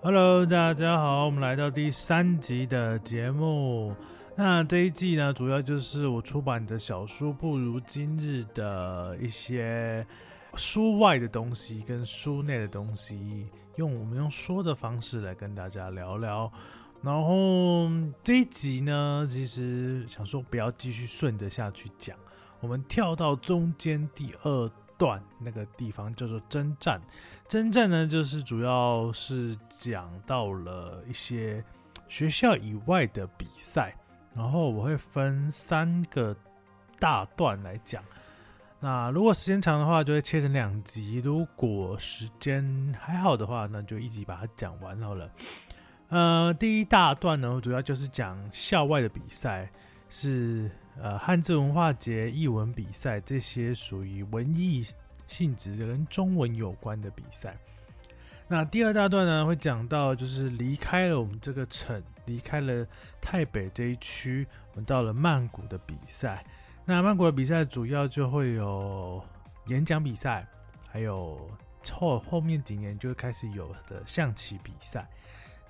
Hello，大家好，我們來到第三集的節目。那這一季呢，主要就是我出版的小書，不如今日的一些書外的東西跟書內的東西，用我們用說的方式來跟大家聊聊。然後這一集呢，其實想說不要繼續順着下去講，我們跳到中間第二。段那個地方叫做征戰，征戰呢就是主要是講到了一些學校以外的比賽，然後我會分三個大段來講。那如果時間長的話，就會切成兩集；如果時間還好的話呢，那就一集把它講完好了。呃，第一大段呢，我主要就是講校外的比賽是。呃，漢字文化節、藝文比賽這些屬於文藝性質跟中文有關的比賽。那第二大段呢，會講到就是離開了我們這個城，離開了泰北這一區，我們到了曼谷的比賽。那曼谷的比賽主要就會有演講比賽，還有後後面幾年就會開始有的象棋比賽。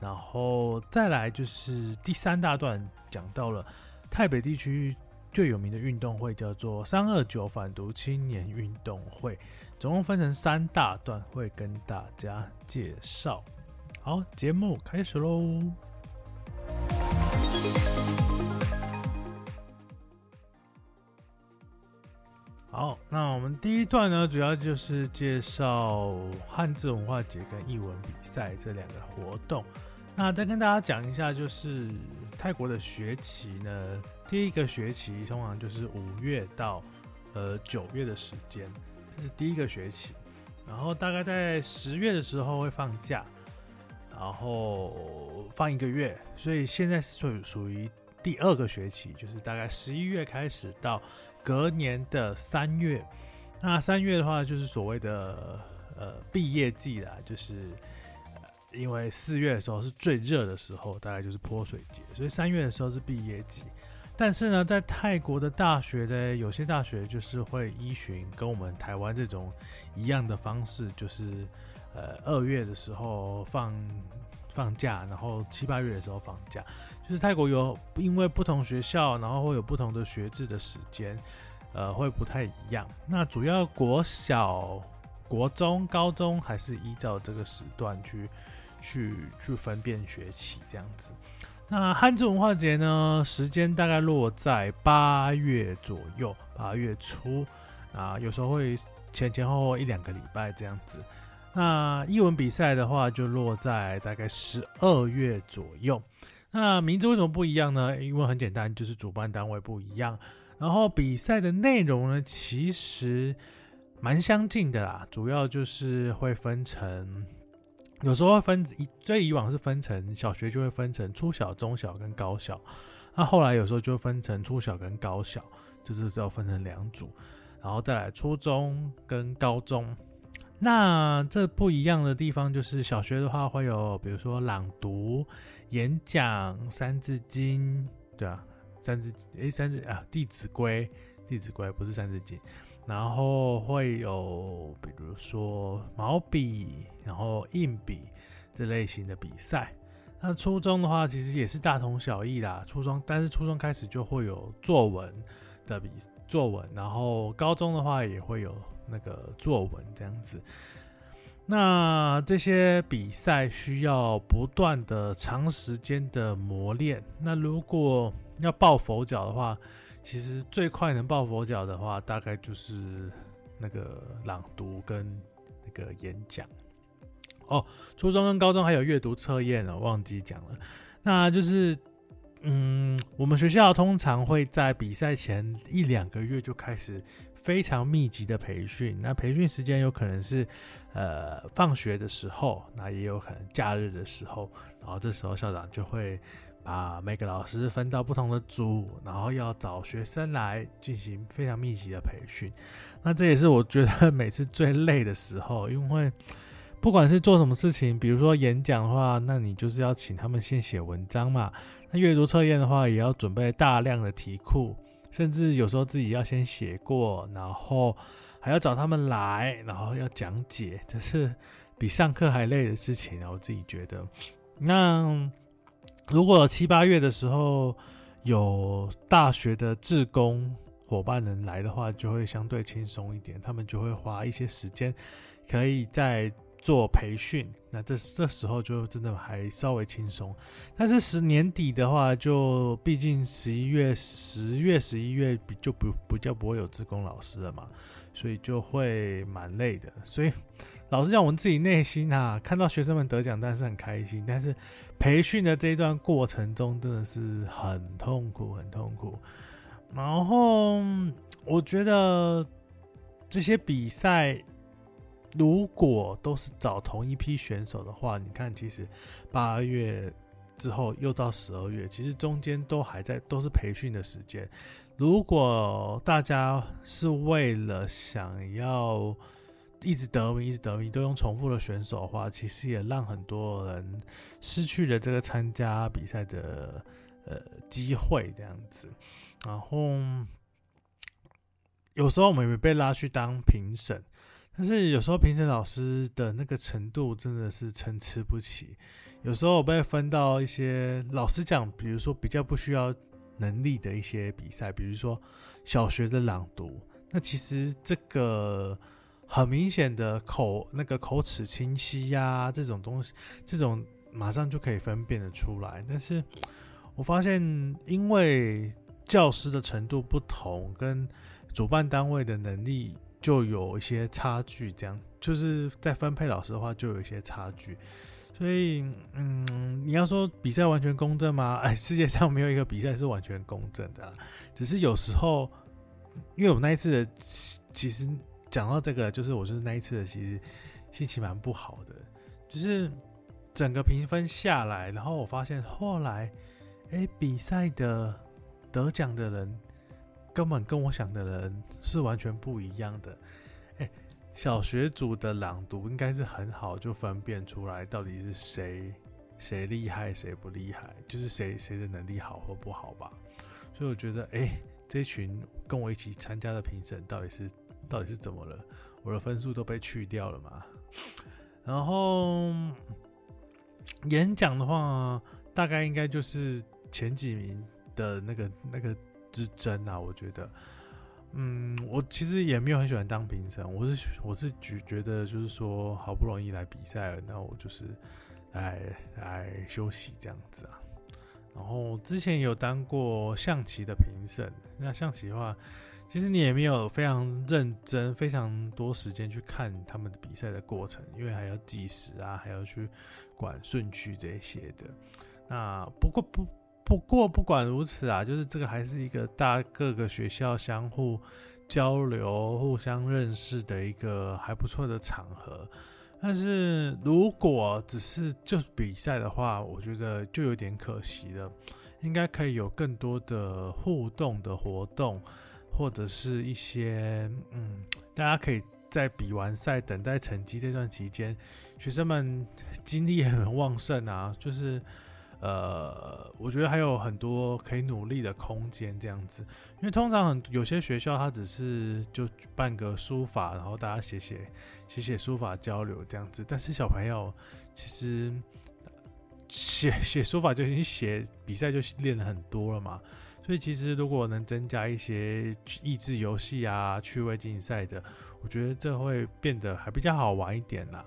然後再來就是第三大段講到了泰北地區。最有名的運動會叫做“三二九反毒青年運動會”，總共分成三大段，會跟大家介紹。好，節目開始嘍！好，那我們第一段呢，主要就是介紹漢字文化節跟藝文比賽這兩個活動。那再跟大家講一下，就是泰國的學期呢，第一個學期通常就是五月到呃九月的時間，這是第一個學期，然後大概在十月的時候會放假，然後放一個月，所以現在是屬於屬於第二個學期，就是大概十一月開始到隔年的三月，那三月的話就是所謂的呃畢業季啦，就是。因為四月的時候是最熱的時候，大概就是潑水節，所以三月的時候是畢業季。但是呢，在泰國的大學呢，有些大學就是會依循跟我們台灣這種一樣的方式，就是呃二月的時候放放假，然後七八月的時候放假。就是泰國有因為不同學校，然後會有不同的學制的時間，呃，會不太一樣。那主要國小、國中、高中還是依照這個時段去。去去分辨學習這樣子，那漢字文化節呢，時間大概落在八月左右，八月初啊，有時候會前前後後一兩個禮拜這樣子。那藝文比賽的話，就落在大概十二月左右。那名字為什麼不一樣呢？因為很簡單，就是主辦單位不一樣。然後比賽的內容呢，其實蠻相近的啦，主要就是會分成。有時候分以最以往是分成小學，就會分成初小、中小跟高小，那、啊、後來有時候就分成初小跟高小，就是只有分成兩組，然後再來初中跟高中。那這不一樣的地方就是小學的話會有，比如說朗讀、演講、三字經，對啊，三字經，哎、欸、三字經啊《弟子規》，《弟子規》不是三字經。然後會有，比如說毛筆，然後硬筆這類型的比賽。那初中的話，其實也是大同小異啦。初中，但是初中開始就會有作文的比作文。然後高中的話，也會有那個作文這樣子。那這些比賽需要不斷的長時間的磨練。那如果要抱佛腳的話，其實最快能抱佛腳的話，大概就是那個朗讀跟那個演講。哦，初中跟高中還有閱讀測驗哦，忘記講了。那就是，嗯，我們學校通常會在比賽前一兩個月就開始非常密集的培訓。那培訓時間有可能是，呃，放學的時候，那也有可能假日的時候。然後這時候校長就會。啊，每個老師分到不同的組，然後要找學生來進行非常密集的培訓。那這也是我覺得每次最累的時候，因為不管是做什麼事情，比如說演講的話，那你就是要請他們先寫文章嘛。那閱讀測驗的話，也要準備大量的題庫，甚至有時候自己要先寫過，然後還要找他們來，然後要講解，這是比上課還累的事情啊，我自己覺得，那。如果七八月的時候有大學的志工夥伴能來的話，就會相對輕鬆一點。他們就會花一些時間，可以再做培訓。那這這時候就真的還稍微輕鬆。但是十年底的話，就畢竟十一月、十月、十一月就不不叫不會有志工老師了嘛，所以就會蠻累的。所以。老實講，我們自己內心啊，看到學生們得獎，當然是很開心。但是，培訓的這一段過程中，真的是很痛苦，很痛苦。然後，我覺得這些比賽如果都是找同一批選手的話，你看，其實八月之後又到十二月，其實中間都還在都是培訓的時間。如果大家是為了想要……一直得名，一直得名，都用重複的選手的話，其實也讓很多人失去了這個參加比賽的呃機會，這樣子。然後有時候我們也被拉去當評審，但是有時候評審老師的那個程度真的是參差不齊。有時候我被分到一些，老實講，比如說比較不需要能力的一些比賽，比如說小學的朗讀，那其實這個。很明顯的口那個口齒清晰呀、啊，這種東西，這種馬上就可以分辨得出來。但是我發現，因為教師的程度不同，跟主辦單位的能力就有一些差距。這樣，就是在分配老師的話，就有一些差距。所以，嗯，你要說比賽完全公正嗎？哎，世界上沒有一個比賽是完全公正的，啊，只是有時候，因為我那一次的其實。講到這個，就是我就是那一次的，其實心情蠻不好的。就是整個評分下來，然後我發現後來，欸，比賽的得獎的人根本跟我想的人是完全不一樣的。欸，小學組的朗讀應該是很好，就分辨出來到底是誰誰厲害，誰不厲害，就是誰誰的能力好或不好吧。所以我覺得，誒，欸，這群跟我一起參加的評審到底是。到底是怎麼了？我的分數都被去掉了嗎？然後演講的話，大概應該就是前幾名的那個那個之爭啊。我覺得，嗯，我其實也沒有很喜歡當評審。我是我是覺覺得就是說，好不容易來比賽了，那我就是來來休息這樣子啊。然後之前有當過象棋的評審，那象棋的話。其實你也沒有非常認真，非常多時間去看他們的比賽的過程，因為還要計時啊，還要去管順序這些的。那不過不不過不管如此啊，就是這個還是一個大各個學校相互交流、互相認識的一個還不錯的場合。但是如果只是就比賽的話，我覺得就有點可惜了，應該可以有更多的互動的活動。或者是一些嗯，大家可以在比完賽等待成績這段期間，學生們精力很旺盛啊，就是呃，我覺得還有很多可以努力的空間這樣子。因為通常很有些學校它只是就辦個書法，然後大家寫寫寫寫書法交流這樣子，但是小朋友其實寫寫書法就已經寫比賽就練了很多了嘛。所以其實如果能增加一些益智遊戲啊、趣味競賽的，我覺得這會變得還比較好玩一點啦。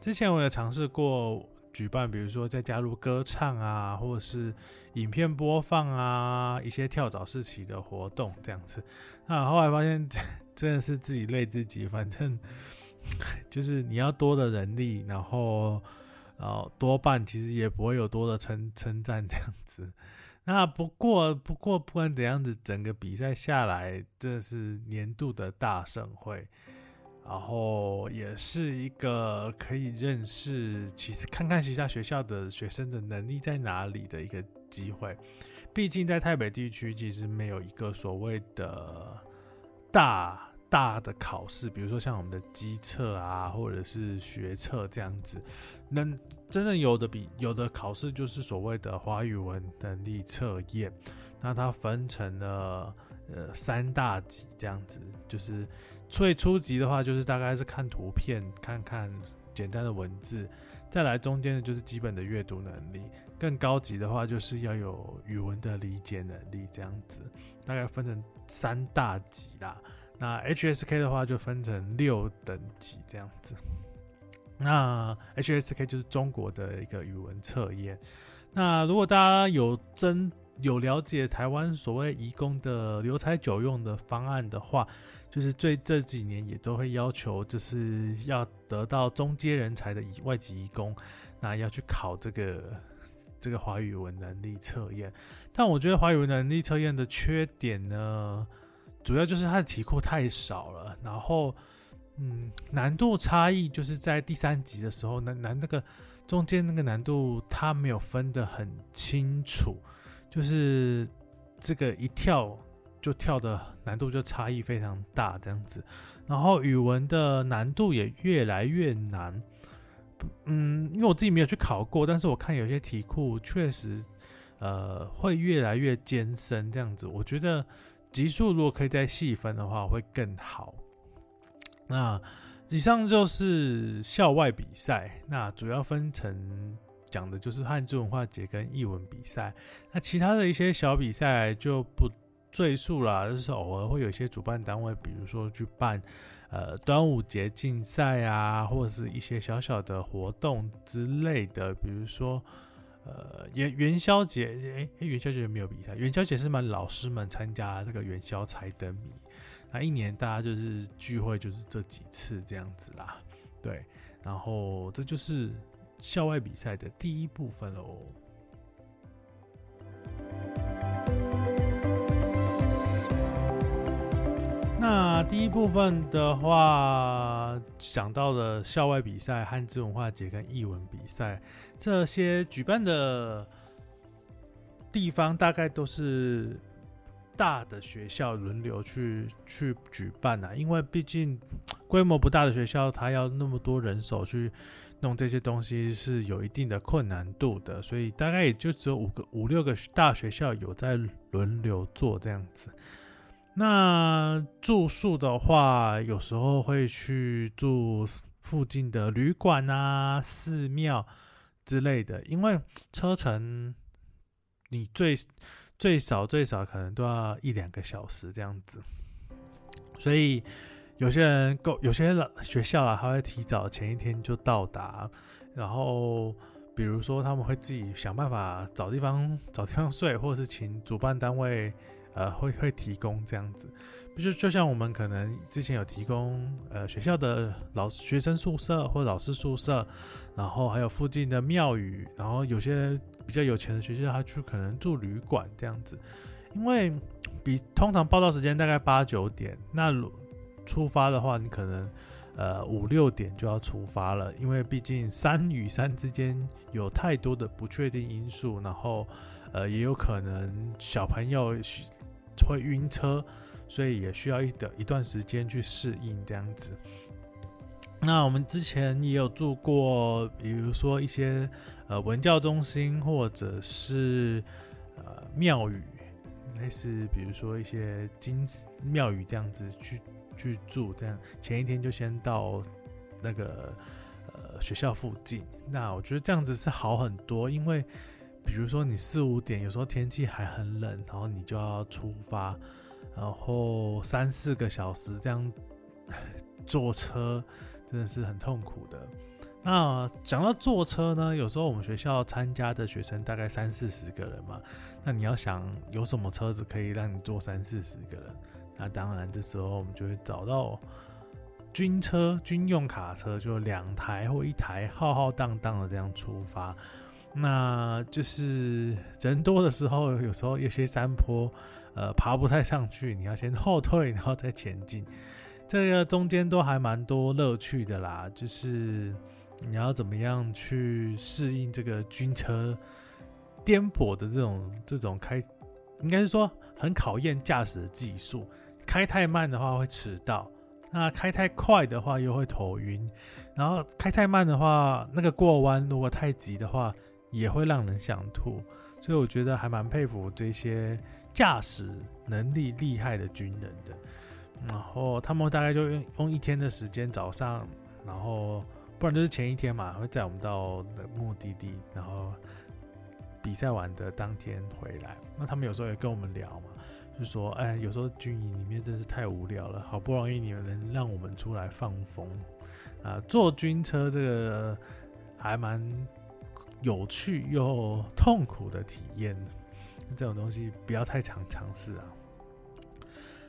之前我也嘗試過舉辦，比如說再加入歌唱啊，或者是影片播放啊，一些跳蚤市集的活動這樣子。那後來發現真的是自己累自己，反正就是你要多的人力，然後然後多半其實也不會有多的稱稱讚這樣子。那不過，不過不管怎樣子，整個比賽下來，這是年度的大盛會，然後也是一個可以認識，其實看看其他學校的學生的能力在哪裡的一個機會。畢竟在台北地區，其實沒有一個所謂的大。大的考試，比如說像我們的基測啊，或者是學測這樣子，那真的有的比有的考試就是所謂的華語文能力測驗，那它分成了呃三大級這樣子，就是最初級的話就是大概是看圖片，看看簡單的文字，再來中間的就是基本的閱讀能力，更高級的話就是要有語文的理解能力這樣子，大概分成三大級啦。那 HSK 的話就分成六等級這樣子，那 HSK 就是中國的一個語文測驗。那如果大家有真有了解台灣所謂移工的留才久用的方案的話，就是最這幾年也都會要求就是要得到中階人才的外籍移工，那要去考這個這個華語文能力測驗。但我覺得華語文能力測驗的缺點呢？主要就是它的題庫太少了，然後，嗯，難度差異就是在第三級的時候，難難那個中間那個難度它沒有分得很清楚，就是這個一跳就跳的難度就差異非常大這樣子，然後語文的難度也越來越難，嗯，因為我自己沒有去考過，但是我看有些題庫確實，呃，會越來越艱深這樣子，我覺得。級數如果可以再細分的話，會更好。那以上就是校外比賽，那主要分成講的就是漢字文化節跟藝文比賽。那其他的一些小比賽就不贅述了，就是偶爾會有一些主辦單位，比如說去辦呃端午節競賽啊，或者是一些小小的活動之類的，比如說。呃，元宵節，哎、欸、元宵節沒有比賽，元宵節是蠻老師們參加這個元宵猜燈謎，那一年大家就是聚會，就是這幾次這樣子啦，對。然後這就是校外比賽的第一部分嘍。第一部分的話，想到了校外比賽、漢字文化節跟藝文比賽，這些舉辦的地方大概都是大的學校輪流去去舉辦啊，因為畢竟規模不大的學校，它要那麼多人手去弄這些東西是有一定的困難度的，所以大概也就只有五個、五六個大學校有在輪流做這樣子。那住宿的話，有時候會去住附近的旅館啊、寺廟之類的，因為車程你最最少最少可能都要一兩個小時這樣子，所以有些人夠有些學校啊，他會提早前一天就到達，然後比如說他們會自己想辦法找地方找地方睡，或者是請主辦單位。呃，會會提供這樣子，就就像我們可能之前有提供，呃，學校的老學生宿舍或老師宿舍，然後還有附近的廟宇，然後有些比較有錢的學校，他去可能住旅館這樣子，因為比通常報到時間大概八九點，那如出發的話，你可能呃五六點就要出發了，因為畢竟山與山之間有太多的不確定因素，然後。呃，也有可能小朋友會暈車，所以也需要一一段時間去適應這樣子。那我們之前也有住過，比如說一些呃文教中心，或者是呃廟宇，類似比如說一些金廟宇這樣子去去住這樣。前一天就先到那個呃學校附近，那我覺得這樣子是好很多，因為。比如說，你四五點，有時候天氣還很冷，然後你就要出發，然後三四個小時這樣坐車，真的是很痛苦的。那講到坐車呢，有時候我們學校參加的學生大概三四十個人嘛，那你要想有什麼車子可以讓你坐三四十個人，那當然這時候我們就會找到軍車、軍用卡車，就兩台或一台，浩浩蕩蕩的這樣出發。那就是人多的時候，有時候有些山坡，呃，爬不太上去，你要先後退，然後再前進，這個中間都還蠻多樂趣的啦。就是你要怎麼樣去適應這個軍車顛簸的這種這種開，應該是說很考驗駕駛的技術。開太慢的話會遲到，那開太快的話又會頭暈，然後開太慢的話，那個過彎如果太急的話。也會讓人想吐，所以我覺得還蠻佩服這些駕駛能力厲害的軍人的。然後他們大概就用用一天的時間，早上，然後不然就是前一天嘛，會載我們到的目的地，然後比賽完的當天回來。那他們有時候也跟我們聊嘛，就說：“哎、欸，有時候軍營裡面真是太無聊了，好不容易你們能讓我們出來放風啊，坐軍車這個還蠻。”有趣又痛苦的體驗，這種東西不要太常嘗試啊。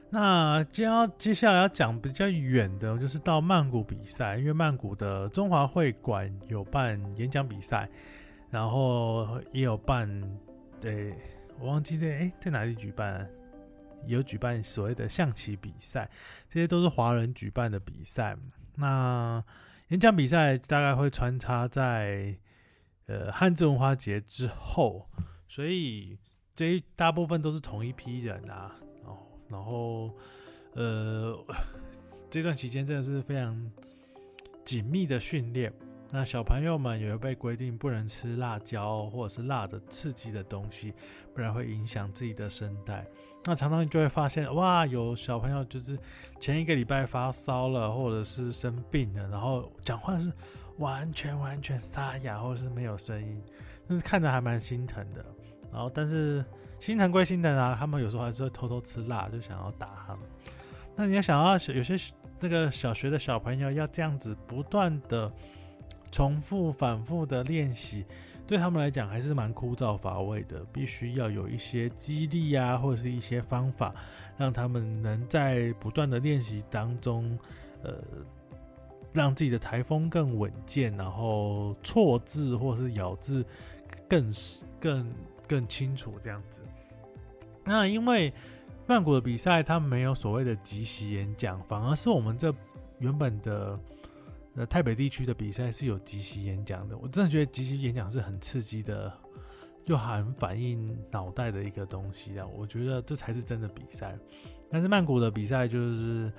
那接接下來要講比較遠的，就是到曼谷比賽，因為曼谷的中華會館有辦演講比賽，然後也有辦，對，我忘記在、欸、在哪裡舉辦啊，有舉辦所謂的象棋比賽，這些都是華人舉辦的比賽。那演講比賽大概會穿插在。呃，漢字文化節之後，所以這一大部分都是同一批人啊。哦，然後，然後，呃，這段期間真的是非常緊密的訓練。那小朋友們有被規定不能吃辣椒或者是辣的刺激的東西，不然會影響自己的聲帶。那常常就會發現，哇，有小朋友就是前一個禮拜發燒了，或者是生病了，然後講話是。完全完全沙啞，或者是沒有聲音，但是看着還蠻心疼的。然後，但是心疼歸心疼啊，他們有時候還是會偷偷吃辣，就想要打他們。那你要想要有些這個小學的小朋友要這樣子不斷的重複、反覆的練習，對他們來講還是蠻枯燥乏味的。必須要有一些激勵啊，或者是一些方法，讓他們能在不斷的練習當中，呃。讓自己的台風更穩健，然後錯字或是咬字更更更清楚這樣子。那、啊、因為曼谷的比賽，它沒有所謂的即席演講，反而是我們這原本的呃台北地區的比賽是有即席演講的。我真的覺得即席演講是很刺激的，就很反映腦袋的一個東西。我覺得這才是真的比賽。但是曼谷的比賽就是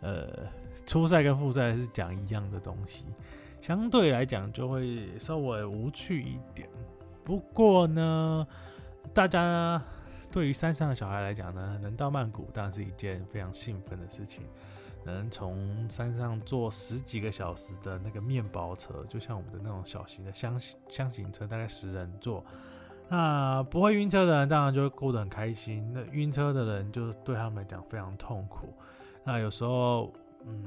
呃。初賽跟複賽是講一樣的東西，相對來講就會稍微無趣一點。不過呢，大家對於山上的小孩來講呢，能到曼谷當然是一件非常興奮的事情。能從山上坐十幾個小時的那個麵包車，就像我們的那種小型的箱型箱型車，大概十人座。那不會暈車的人當然就會過得很開心，那暈車的人就對他們來講非常痛苦。那有時候。嗯，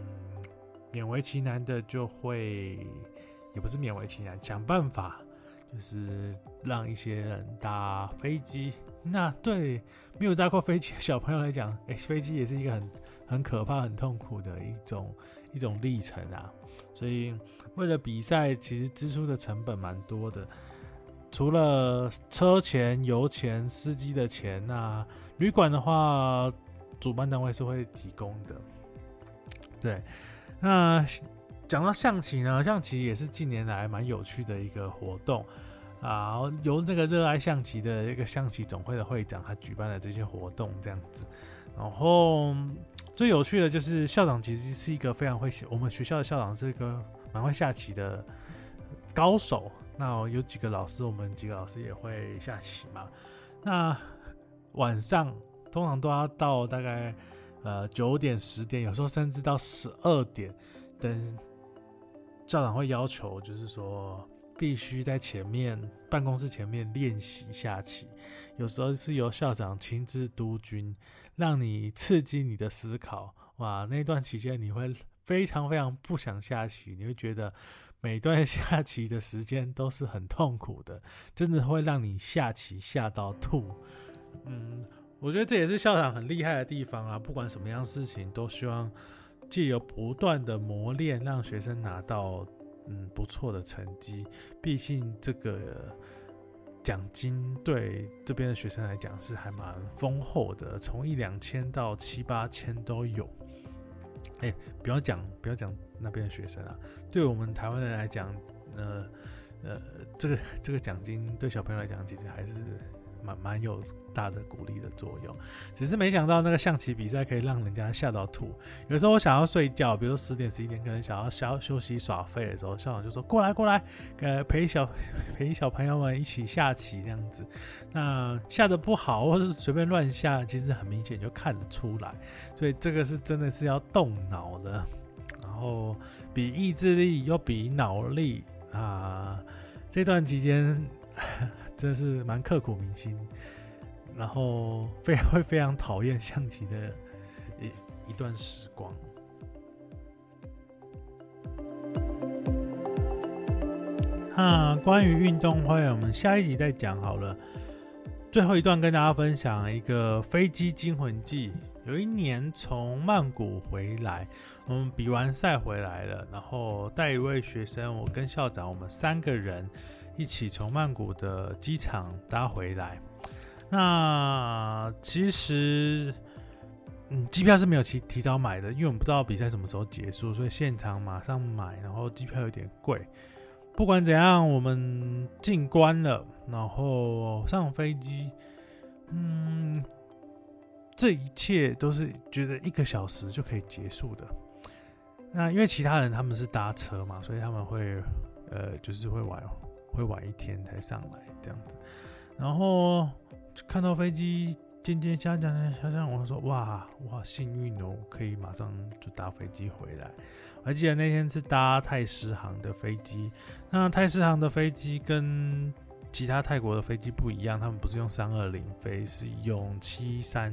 勉為其難的就會，也不是勉為其難，想辦法就是讓一些人搭飛機。那對沒有搭過飛機的小朋友來講，哎，飛機也是一個很很可怕、很痛苦的一種一種歷程啊。所以為了比賽，其實支出的成本蠻多的，除了車錢、油錢、司機的錢啊，旅館的話，主辦單位是會提供的。對，那講到象棋呢，象棋也是近年來蠻有趣的一個活動啊，由那個熱愛象棋的一個象棋總會的會長他舉辦了這些活動這樣子。然後最有趣的就是校長，其實是一個非常會下我們學校的校長是一個蠻會下棋的高手。那有幾個老師，我們幾個老師也會下棋嘛。那晚上通常都要到大概。呃，九點、十點，有時候甚至到十二點，等校長會要求，就是說必須在前面辦公室前面練習下棋。有時候是由校長親自督軍，讓你刺激你的思考。哇，那段期間，你會非常非常不想下棋，你會覺得每段下棋的時間都是很痛苦的，真的會讓你下棋下到吐。嗯。我覺得這也是校長很厲害的地方啊！不管什麼樣事情，都希望借由不斷的磨練，讓學生拿到嗯，不錯的成績。畢竟這個、呃、獎金對這邊的學生來講是還蠻豐厚的，從一兩千到七八千都有。哎、欸，不要講不要講那邊的學生啊，對我們台灣人來講，呢、呃，呃，這個這個獎金對小朋友來講，其實還是蠻蠻有。大的鼓勵的作用，只是沒想到那個象棋比賽可以讓人家嚇到吐。有時候我想要睡覺，比如說十點十一點，可能想要休息耍廢的時候，校長就說，過來過來，呃，陪小陪小朋友們一起下棋這樣子。那下得不好，或是隨便亂下，其實很明顯就看得出來。所以這個是真的是要動腦的，然後比意志力又比腦力啊。這段期間真的是蠻刻苦銘心。然後非常會非常討厭象棋的一一段時光啊。那關於運動會，我們下一集再講好了。最後一段跟大家分享一個飛機驚魂記。有一年從曼谷回來，我們比完賽回來了，然後帶一位學生，我跟校長我們三個人一起從曼谷的機場搭回來。那其實，嗯，機票是沒有提提早買的，因為我們不知道比賽什麼時候結束，所以現場馬上買，然後機票有點貴。不管怎樣，我們進關了，然後上飛機，嗯，這一切都是覺得一個小時就可以結束的。那因為其他人他們是搭車嘛，所以他們會呃，就是會晚會晚一天才上來這樣子，然後。看到飛機漸漸下降，下降，我說：“哇哇，我好幸運哦，可以馬上就搭飛機回來。”還記得那天是搭泰獅航的飛機，那泰獅航的飛機跟其他泰國的飛機不一樣，他們不是用三二零飛，是用七三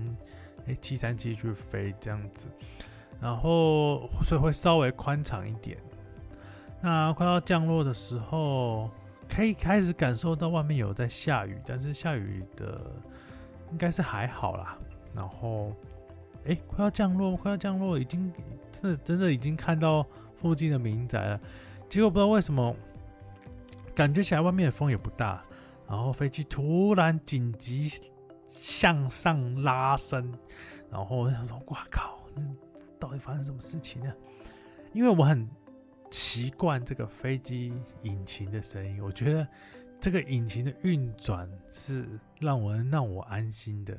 欸，七三七去飛這樣子，然後所以會稍微寬敞一點。那快要降落的時候。可以開始感受到外面有在下雨，但是下雨的應該是還好啦。然後，哎、欸，快要降落，快要降落，已經真的真的已經看到附近的民宅了。結果不知道為什麼，感覺起來外面的風也不大。然後飛機突然緊急向上拉升，然後我想說，哇靠，到底發生什麼事情呢？因為我很。習慣這個飛機引擎的聲音，我覺得這個引擎的運轉是讓我讓我安心的，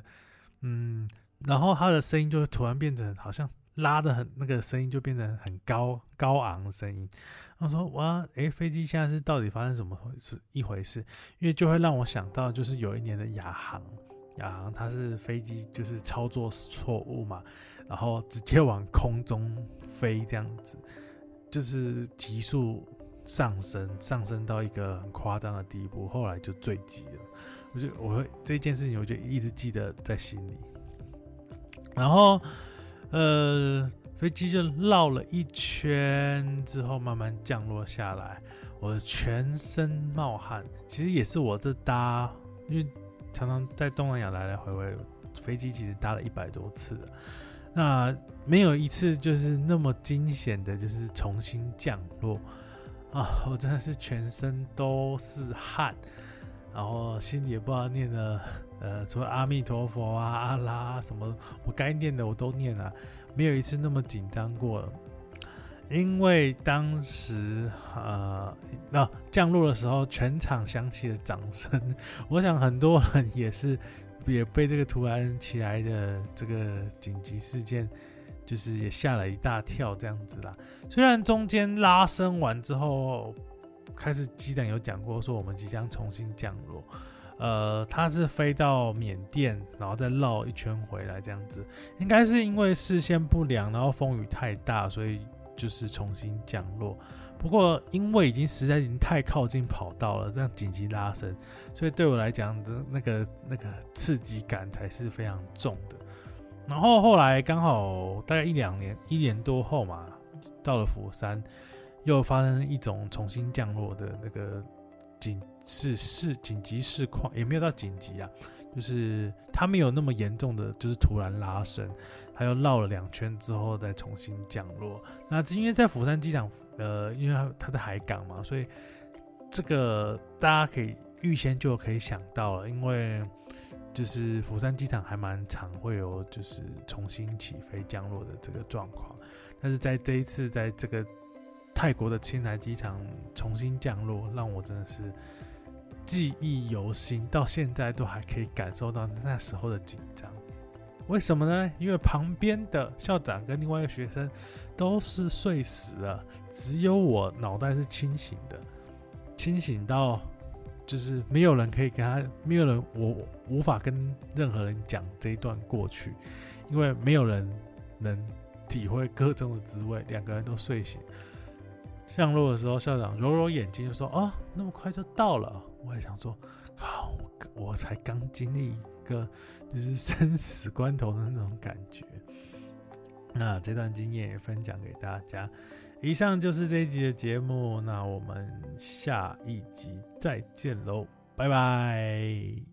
嗯，然後它的聲音就突然變成好像拉得很，那個聲音就變成很高高昂的聲音。他說，哇，誒、欸，飛機現在是到底發生什麼回事一回事？因為就會讓我想到就是有一年的亞航，亞航它是飛機就是操作錯誤嘛，然後直接往空中飛這樣子。就是急速上升，上升到一個很誇張的地步，後來就墜機了。我就我這件事情，我就一直記得在心裡。然後，呃，飛機就繞了一圈之後，慢慢降落下來。我全身冒汗，其實也是我這搭，因為常常在東南亞來來回回，飛機其實搭了一百多次。那沒有一次就是那麼驚險的，就是重新降落啊！我真的是全身都是汗，然後心裡也不知道念的，呃，除了阿彌陀佛啊、阿拉、啊、什麼，我該念的我都念了，沒有一次那麼緊張過了。因為當時呃，那、啊、降落的時候，全場響起了掌聲，我想很多人也是。也被這個突然起來的這個緊急事件，就是也嚇了一大跳這樣子啦。雖然中間拉升完之後，開始機長有講過說我們即將重新降落，呃，他是飛到緬甸，然後再繞一圈回來這樣子。應該是因為視線不良，然後風雨太大，所以就是重新降落。不過，因為已經實在已經太靠近跑道了，這樣緊急拉升，所以對我來講的那個那個刺激感才是非常重的。然後後來剛好大概一兩年、一年多後嘛，到了佛山，又發生一種重新降落的那個緊是事緊急事況，也沒有到緊急啊。就是它沒有那麼嚴重的，就是突然拉升，它又繞了兩圈之後再重新降落。那今天在釜山機場，呃，因為它，它在海港嘛，所以這個大家可以預先就可以想到了，因為就是釜山機場還蠻常會有就是重新起飛降落的這個狀況。但是在這一次，在這個泰國的清萊機場重新降落，讓我真的是。記憶猶新，到現在都還可以感受到那時候的緊張。為什麼呢？因為旁邊的校長跟另外一個學生都是睡死了，只有我腦袋是清醒的，清醒到就是沒有人可以跟他，沒有人我，我無法跟任何人講這一段過去，因為沒有人能體會箇中的滋味。兩個人都睡醒，降落的時候，校長揉揉眼睛就說：“哦、啊，那麼快就到了。”我也想說，好、啊，我才剛經歷一個就是生死關頭的那種感覺，那這段經驗也分享給大家。以上就是這一集的節目，那我們下一集再見嘍，拜拜。